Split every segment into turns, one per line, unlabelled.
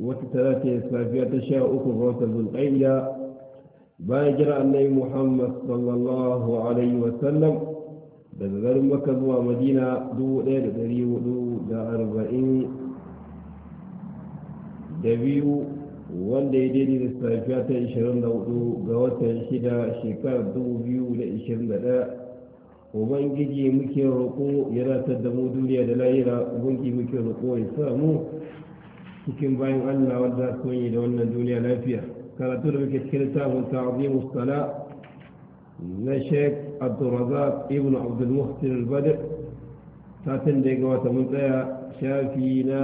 wata tara ta safiya ta sha uku ga wata zulƙayya bayan jira annai muhammad sallallahu alaihi wasallam daga garin maka zuwa madina dubu ɗaya da ɗari hudu da arba'in da biyu wanda ya daidai da safiya ta ishirin da hudu ga watan shida shekarar dubu biyu da ishirin da ɗaya ubangiji muke roƙo ya ratar da mu duniya da lahira ubangiji muke roƙo ya samu cikin bayan Allah wadda su yi da wannan duniya lafiya karatu da muke cikin littafin ta'zimu sala na Sheikh Abdurrazzaq ibn Abdul Muhsin al-Badr satin da ya gabata mun tsaya shafi na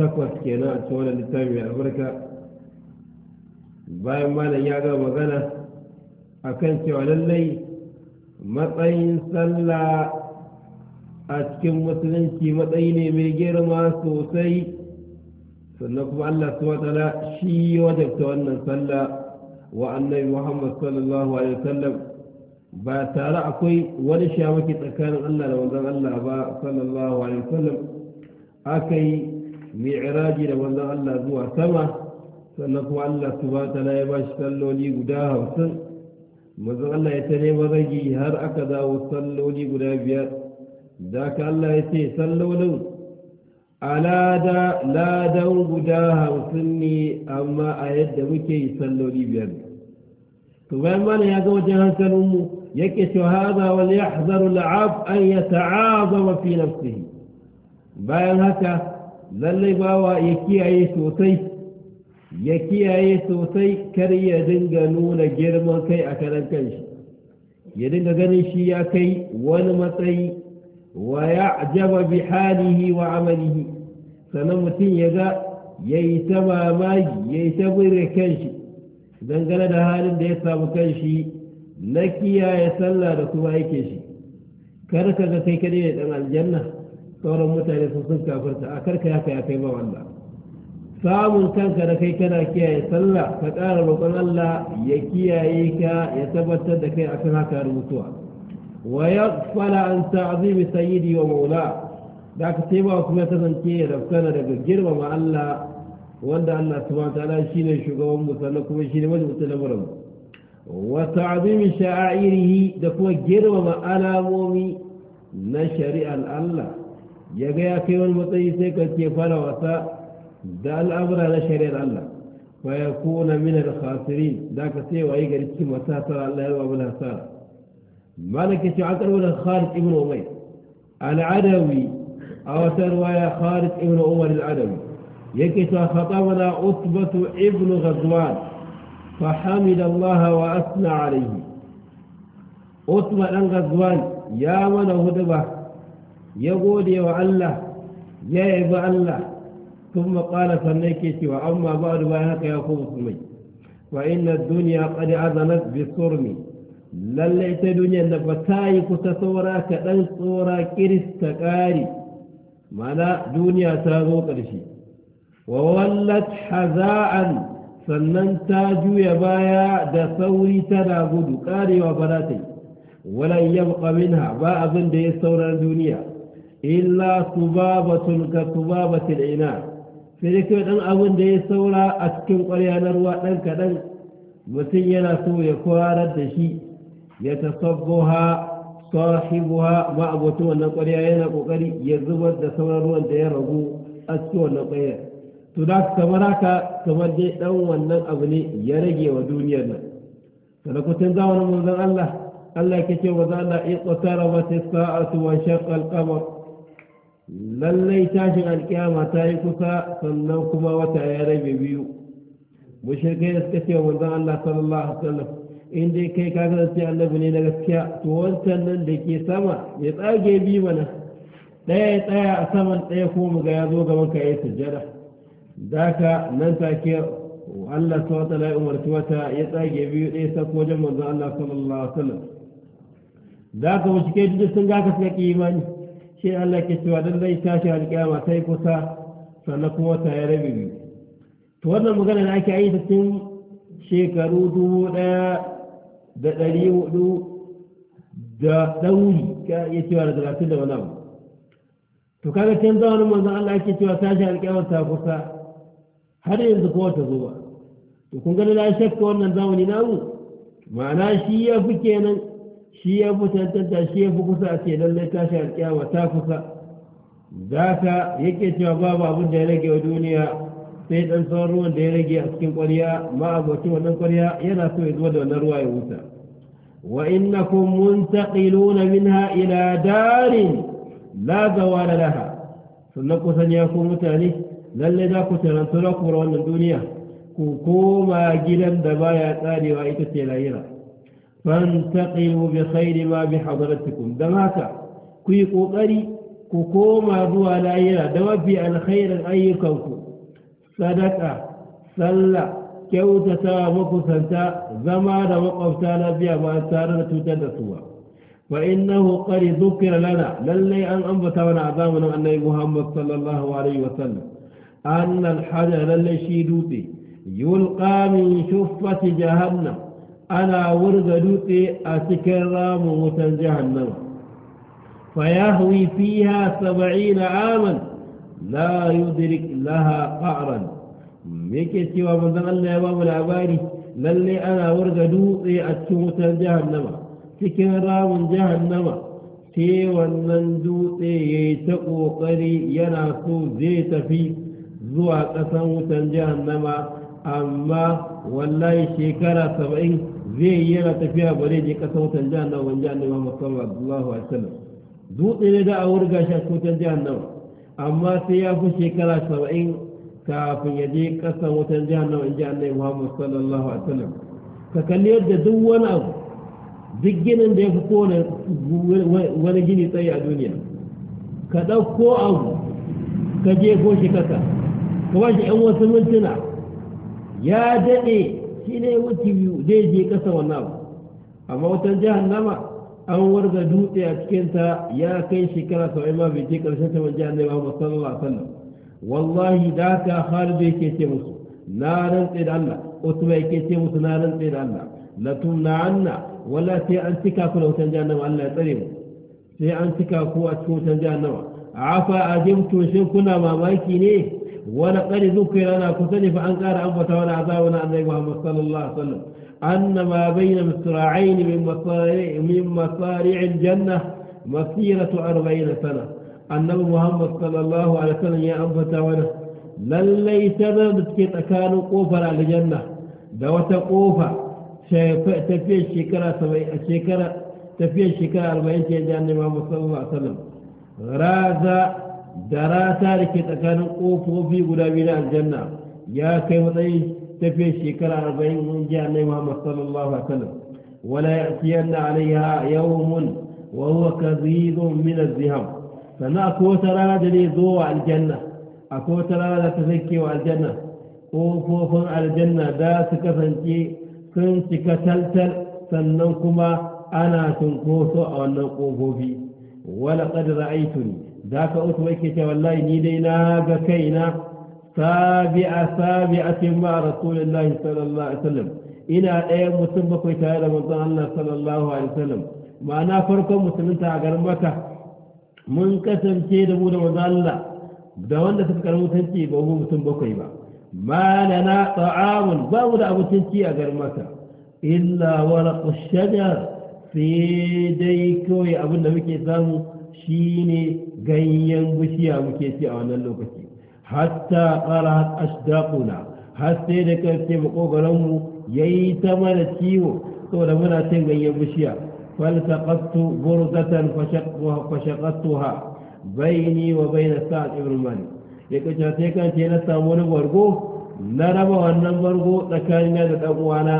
28 kenan a cikin wannan littafi mai albarka bayan malam ya ga magana akan cewa lallai matsayin sallah a cikin musulunci matsayi ne mai girma sosai sannan kuma Allah su watsala shi ya wajabta wannan sallah wa annabi Muhammad sallallahu alaihi wasallam ba tare akwai wani shamaki tsakanin Allah da wanzan Allah ba sallallahu alaihi wasallam aka yi mi'raji da wanzan Allah zuwa sama sannan kuma Allah su watsala ya ba shi salloli guda hamsin Mazan Allah ya ta neman ragi har aka dawo salloli guda biyar da ka Allah ya ce sallolin alada ladan guda hamsin ne amma a yadda muke yi salloli biyar to bayan mana ya ga wajen hankalinmu yake cewa haza wal yahzaru al'ab an yata'azama fi nafsihi bayan haka lallai bawa ya kiyaye sosai ya kiyaye sosai kar ya dinga nuna girman kai a karan kanshi ya dinga ganin shi ya kai wani matsayi wa ya jaba bi halihi wa amalihi sannan mutum ya ga ya yi ta mamaji ya yi ta kan shi. dangane da halin da ya samu shi na kiyaye sallah da kuma aike shi karka ga kai kadai ne dan aljanna sauran mutane sun sun kafirta a karka ya ya kai ba wanda. samun kanka da kai kana kiyaye sallah ka kara roƙon allah ya kiyaye ka ya tabbatar da kai a kan haka rubutuwa. mutuwa ويغفل عن تعظيم سيدي ومولاه ذاك ya كما تزنتي ربكنا daga girmama Allah wanda Allah subhanahu wataala shine shugaban mu sannan kuma shine majibin lamarin wa ta'zim sha'airihi da kuma girmama alamomi na shari'ar Allah ya ga ya kai wani matsayi sai ka ce fara wasa da al'amura na shari'ar Allah fa yakuna min al-khasirin ذاك sai wayi garki matasa Allah ya ba mu nasara مالك يتعذر ولا خالد ابن أمير العدوي أو ترواية خالد ابن أمية العدوي يكتا خطبنا عتبة ابن غزوان فحمد الله وأثنى عليه عتبة ابن غزوان يا من هدبة يقول يا الله يا إبا الله ثم قال فنيكتي وأما بعد وهكذا يقول سمي فإن الدنيا قد أذنت بصرمي lallai ta duniyar da ba ta yi kusa saura kaɗan tsora kirista mana duniya ta zo ƙarshe wa wallat haza'an sannan ta juya baya da sauri tana gudu ƙarewa ba za ta yi walan yabqa minha ba abin da ya sauran duniya illa subabatun ka subabatil ina sai dai dan abin da ya saura a cikin ƙwarya na ruwa dan kaɗan mutum yana so ya kwarar da shi ya tasabbuha sahibuha ma abotu wannan ƙwarya yana ƙoƙari ya zubar da sauran ruwan da ya ragu a cikin wannan ƙwarya to da kamar haka kamar dai ɗan wannan abu ne ya rage wa duniyar nan sadakutun zamanin manzon Allah Allah ke ce wa zana iqtara wa tisa'atu wa shaqqa al lallai tashin alkiyama ta yi kusa sannan kuma wata ya rabe biyu mushrikai suka ce wa manzon Allah sallallahu alaihi wasallam in dai kai ka kasance annabi ne na gaskiya to wancan nan da ke sama ya tsage bi mana ɗaya ya tsaya a saman ɗaya ko mu ga ya zo gaban ya yi sujjada da ka nan take Allah ta wata la'in umarci wata ya tsage biyu ɗaya ko wajen manzo Allah sallallahu alaihi wasallam da ka wuce kai duk sun ga ka suka imani shi Allah ke cewa dan zai tashi alƙiyama sai kusa sannan kuma ta ya rabi to wannan magana da ake yi ta cikin shekaru dubu ɗaya da ɗari hudu da ɗauri ka iya cewa da talatin da wani abu to kaga can zamanin manzon Allah yake cewa tashi alƙawar ta kusa har yanzu kowa ta zo ba to kun gani na shakka wannan zamani mu ma'ana shi ya fi kenan shi ya fi tantanta shi ya fi kusa a ce lallai tashi alƙawar ta kusa za ka yake cewa babu abin da ya rage wa duniya sai dan sauran ruwan da ya rage a cikin ƙwarya ma abokin wannan ƙwarya yana so ya zuwa da wannan ruwa ya wuta wa innakum muntaqiluna minha ila darin la zawala laha sannan ku sanya ku mutane lalle za ku tarantu na kura wannan duniya ku koma gidan da baya tsarewa ita ce lahira fantaqilu bi khairi ma bi hadratikum dan haka ku yi kokari ku koma zuwa lahira da mafi alkhairin ayyukanku صدقة صلى كيوتة وقفتة زما وقفتة لبيا وانسانة توتد سوا وإنه قد ذكر لنا للي أن أنبت من أعظامنا أن محمد صلى الله عليه وسلم أن الحج للي شيدوتي يلقى من شفة جهنم أنا ورد دوتي أتكرى موتا جهنم فيهوي فيها سبعين عاما لا يدرك laha qa'ran yake cewa manzon Allah ya ba labari lalle ana warga dutse a cikin wutar jahannama cikin ramin jahannama sai wannan dutse ya yi ta ƙoƙari yana so zai tafi zuwa ƙasan wutar jahannama amma wallahi shekara saba'in zai yi yana tafiya ba zai je ƙasan wutar jahannama wani jahannama musamman Allahu Akbar dutse ne da a wurga shi a cikin wutar jahannama amma sai ya fi shekara saba'in kafin ya je ƙasan wutan jihannama in ji annai muhammadu sallallahu alaihi wasallam ka kalli yadda duk wani abu duk ginin da ya fi kone wani gini tsaye a duniya ka ɗauko abu ka ko shi kasa ka ba shi ɗan wasu mintuna ya daɗe shi ne wuce zai je ƙasa wannan abu amma wutan jihannama an warga dutse a cikinta ya kai shekara saba'in ma bai je ƙarshen ta wajen annabi Muhammad sallallahu alaihi wasallam wallahi da ka harbe ke ce musu na rantse da Allah Utba yake ce musu na rantse da Allah la tumna'anna wala sai an cika ku da wutan jahannama Allah ya tsare mu sai an cika ku a cikin wutan jahannama afa ajimtu shin kuna mamaki ne wala qad zukira na kusa ne fa an ƙara ambata wani azabuna annabi Muhammad sallallahu alaihi wasallam أن ما بين مصراعين من مصارع من مصارع الجنة مسيرة أربعين سنة النبي محمد صلى الله عليه وسلم يا أبا تونا لن ليس بمسكت أكانوا قوفا على الجنة دوت قوفا تفي الشكرة سبي الشكرة تفي الشكرة أربعين سنة جنة محمد صلى الله عليه وسلم غرازة دراسة لكت أكانوا قوفوا في قلابنا الجنة يا كيف تعيش تفي كلا أربعين من جاء صلى الله عليه وسلم ولا يأتين عليها يوم وهو كذيب من الزهم فما أكوت رانا ضوء على الجنة أكوت رانا تذكي على الجنة قوفوف على الجنة دا فانتي كنت كتلتل سننكما أنا تنكوس أو ننقوف في ولقد رأيتني ذاك أتوكت والله نيدينا بكينا sabi'a sabi'atin ma rasulullahi sallallahu alaihi wasallam ina ɗaya mutum bakwai tare da manzon Allah sallallahu alaihi wasallam ma'ana farkon musulunta a garin Makka mun kasance da mu da manzon Allah da wanda suka karɓi mutunci ba mu mutum bakwai ba ma lana ta'amun ba mu da abincin ci a garin Makka illa waraqu shajar sai dai kawai abin da muke samu shine ganyen bishiya muke ci a wannan lokaci hatta tsara ashdaquna har sai da karfe makogaran ya yi ta mana ciwo saboda muna cin ganyen bishiya falsaqattu burzatan ha bai ni wa baina sa'd ibn malik ya cewa sai kance na samu wani bargo na raba wannan bargo tsakanina da dan uwana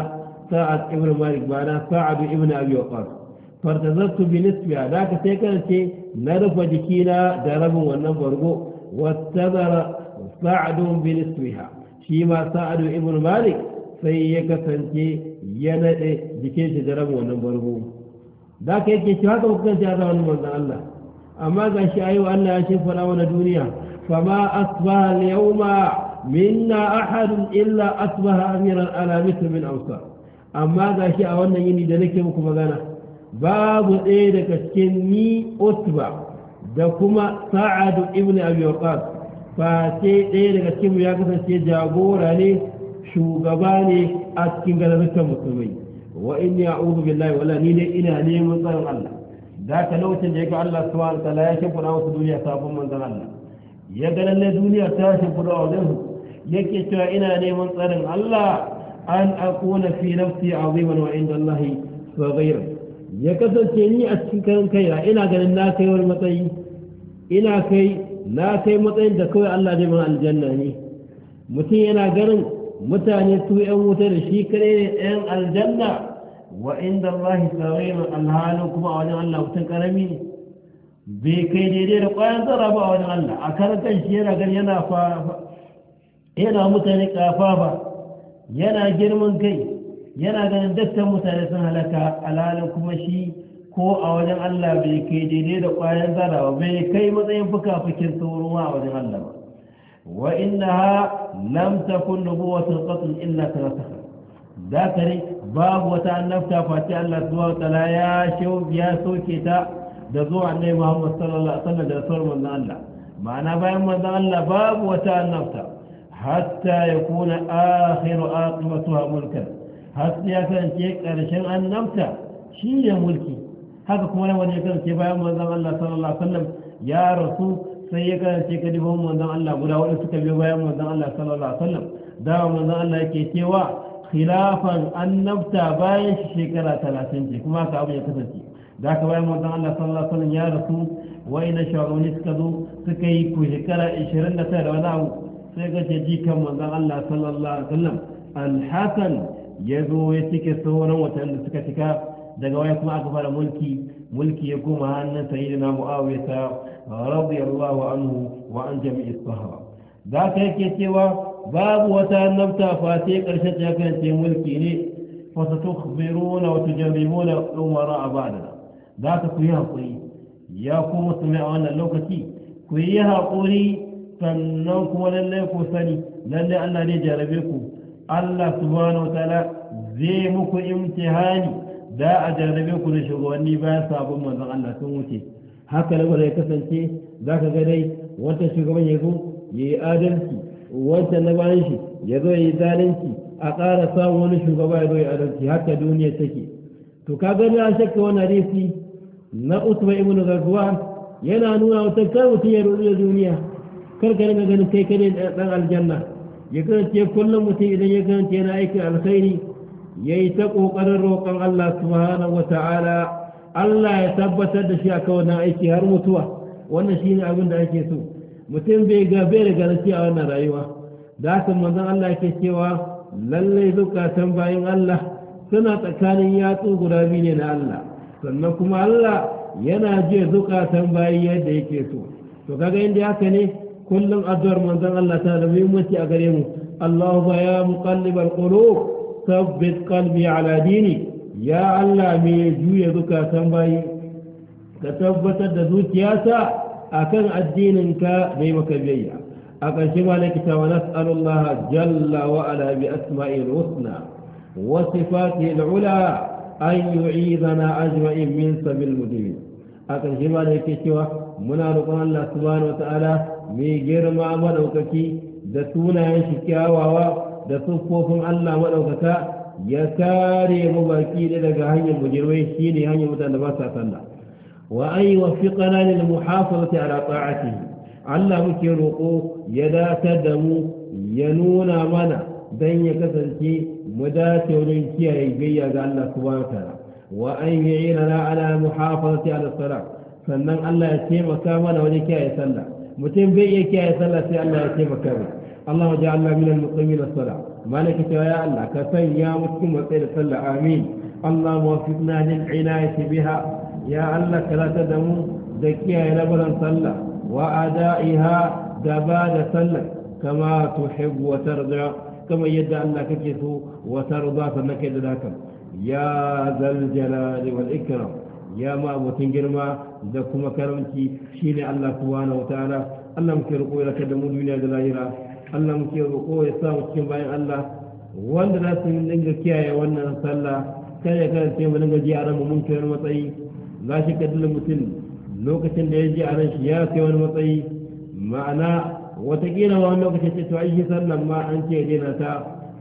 sa'ad ibn malik ba na sa'ad ibn abi waqas fartazattu bi nisbiya da aka sai kan na rufe jikina da rabin wannan bargo wata wattabara sa'adu bin shi ma sa'adu ibn malik sai ya kasance ya naɗe jikin shi da rabin wannan barbo da yake cewa haka kuka ce a zamanin manzan Allah amma ga shi ayi wa Allah ya ce fara wani duniya fama asbaha yawma minna ahadun illa asbaha amiran ala min awsa amma ga shi a wannan yini da nake muku magana babu ɗaya daga cikin ni utba da kuma sa'adu ibn abi waqas ba sai ɗaya daga cikinmu ya kasance jagora ne shugaba ne a cikin gazarrukan musulmai wa in ya ubu billahi wala ni ne ina neman tsarin Allah da ka lokacin da ya ga Allah subhanahu ta'ala ya shimfiɗa wasu duniya sabon manzan Allah ya ga lalle duniya ta shimfiɗa ya ke cewa ina neman tsarin Allah an akuna fi nafsi aziman wa inda Allah saghira ya kasance ni a cikin karan kaina ina ganin na kai wani matsayi ina kai na kai matsayin da kawai Allah zai man aljanna ne mutum yana ganin mutane su yan wuta da shi kare ne yan aljanna wa inda Allah sawiru alhalin kuma a wajen Allah mutum karami ne bai kai daidai da kwayan zara ba a wajen Allah a karan shi yana gani yana yana mutane ba. yana girman kai yana ganin dattan mutane sun halaka alhalin kuma shi ko a wajen Allah bai kai daidai da ƙwayar zara ba bai kai matsayin fuka-fukin sauran a wajen Allah ba wa inna ha kun takun nubuwatul qatl illa ta Za ta zakari babu wata annabta face Allah subhanahu wa ya shau ya soke ta da zuwa annabi Muhammad sallallahu alaihi wasallam da rasul manzon Allah ma'ana bayan manzon Allah babu wata annabta hatta ya yakuna akhiru aqibatuha mulkan har sai ya kasance karshen annabta shi ne mulki haka kuma wani ya kasance bayan manzon Allah sallallahu alaihi wasallam ya rasu sai ya kasance kadifan manzon Allah guda wanda suka biyo bayan manzon Allah sallallahu alaihi wasallam da manzon Allah yake cewa khilafan annabta bayan shekara 30 ce kuma haka abu ya kasance da haka bayan manzon Allah sallallahu alaihi wasallam ya rasu wa'ina shawarwani suka zo suka yi ku shekara ishirin da wani abu sai ka ce jikan manzon Allah sallallahu alaihi wasallam alhassan ya zo ya cike sauran watan da suka cika daga waya kuma aka fara mulki mulki ya koma hannun sayyidina mu'awiyata radiyallahu anhu wa an jami'i sahaba za ka yake cewa babu wata annabta fa sai karshen ta kasance mulki ne fa satukhbiruna wa tujarrimuna umara ba'da za ka ku yi hakuri ya ku musulmi a wannan lokaci ku yi hakuri sannan kuma lallai ku sani lallai Allah ne jarabe ku Allah subhanahu wa ta'ala zai muku imtihani da a jarabe ku da shugabanni ba bayan sabon manzon Allah sun wuce haka da ya kasance za ka ga dai wata shugaban ya zo ya yi adalci wata na bayan shi ya zo ya yi zalunci a ƙara samun wani shugaba ya zo ya adalci haka duniya take to ka gani an shakka wani hadisi na utuba ibnu zakwan yana nuna wata kar mutum ya rubuta duniya kar ka rinka ganin kai kadai dan aljanna ya kasance kullum mutum idan ya kasance yana aikin alkhairi ya yi ta ƙoƙarin roƙon Allah subhanahu wa ta'ala Allah ya tabbatar da shi a kawanan aiki har mutuwa wannan shi ne abin da ake so mutum bai ga bai da garanti a wannan rayuwa da haka manzon Allah yake cewa lallai zukatan bayan Allah suna tsakanin yatsu guda biyu ne na Allah sannan kuma Allah yana jiya zukatan bayin yadda yake so to kaga inda haka ne kullum addu'ar manzon Allah tana da muhimmanci a gare mu Allahu ya muqallibal qulub ثبت قلبي على ديني يا الله مي جوية زكاة باي كتبت سا أكن الدين كا نيمك بيا أكن لك ونسأل الله جل وعلا بأسماء الحسنى وصفاته العلى أن يعيذنا أجمعين من سبيل المدين أكن شمالك شوى منا رقم الله سبحانه وتعالى مي غير ما دتونا دسونا يشكاوا da siffofin Allah maɗaukaka ya kare mu baki da daga hanyar bujirwai shine hanyar mutane da ba sa sallah wa an yuwaffiqana lil muhafazati ala ta'atihi Allah muke roƙo ya datar da mu ya nuna mana dan ya kasance mu dace wajen kiyaye gayya ga Allah subhanahu wataala wa an yu'inana ala muhafazati ala salat sannan Allah ya taimaka mana wajen kiyaye sallah mutum bai iya kiyaye sallah sai Allah ya taimaka mai اللهم اجعلنا من المقيمين الصلاة مالك يا الله كفن يا مسكم وقيل الصلاة آمين اللهم وفقنا للعناية بها يا الله كلا تدموا زكيها يا نبرا صلى وأدائها دبال صلى كما تحب وترضى كما يدعى الله كيف وترضى فنك ذاك يا ذا الجلال والإكرام يا ما أبو تنجرما ذاكما كرمتي شيني الله سبحانه وتعالى اللهم كرقوا إلى كدمو الدنيا دلائرة Allah muke roƙo ya sa mu cikin bayan Allah wanda za su dinga kiyaye wannan sallah kar ya kasance mu dinga ji a ran mun kai wani matsayi za shi ka dole mutum lokacin da ya ji a ran shi ya kai wani matsayi ma'ana watakila ma wani lokacin ce to ai shi sallan ma an ce daina ta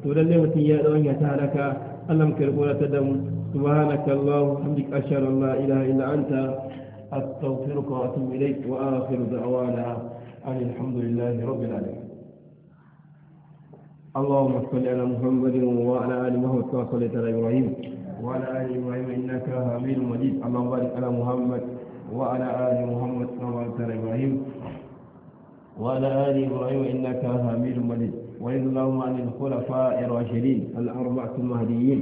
to lallai mutum ya ɗau ya ta halaka Allah muke roƙo ta da mu subhanaka Allahu hamdika ashhadu an la ilaha illa anta أستغفرك وأتوب إليك وآخر دعوانا أن الحمد لله رب العالمين اللهم صل على محمد وعلى ال محمد كما صليت على ابراهيم وعلى ال ابراهيم انك حميد مجيد اللهم بارك على محمد وعلى ال محمد كما باركت على ابراهيم وعلى ال ابراهيم انك حميد مجيد وارض اللهم عن الخلفاء الراشدين الاربعه المهديين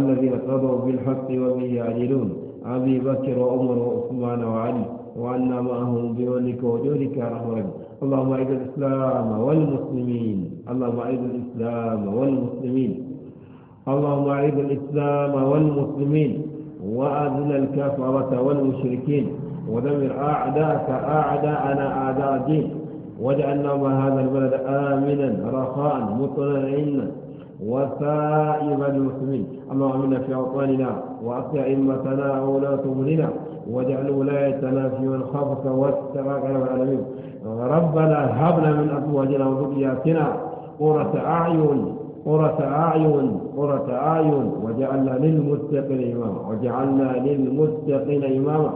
الذين قضوا بالحق وبه يعدلون ابي بكر وعمر وعثمان وعلي وعلمه بولك وجودك يا رحمن اللهم اعز الاسلام والمسلمين اللهم اعز الاسلام والمسلمين اللهم اعز الاسلام والمسلمين واذل الكفره والمشركين ودمر اعداءك اعداءنا اعداء الدين واجعلنا هذا البلد امنا رخاء مطمئنا وسائر المسلمين اللهم امنا في اوطاننا واصلح ائمتنا وولاه امرنا واجعل ولايتنا في من خافك واتقاك يا العالمين ربنا هب لنا من أزواجنا وذرياتنا قرة أعين قرة أعين قرة أعين وجعلنا للمتقين إماما وجعلنا للمتقين إماما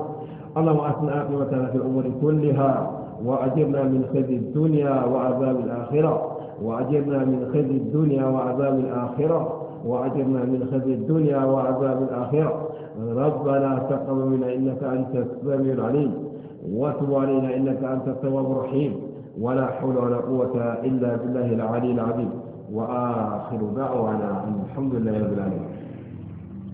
اللهم أثنى اقيمتنا في الأمور كلها وأجرنا من خزي الدنيا وعذاب الآخرة وأجرنا من خزي الدنيا وعذاب الآخرة وعجبنا من خزي الدنيا وعذاب الآخرة ربنا تقبل منا إنك أنت السميع العليم وتب علينا إنك أنت التواب الرحيم ولا حول ولا قوة إلا بالله العلي العظيم وآخر دعوانا الحمد لله رب العالمين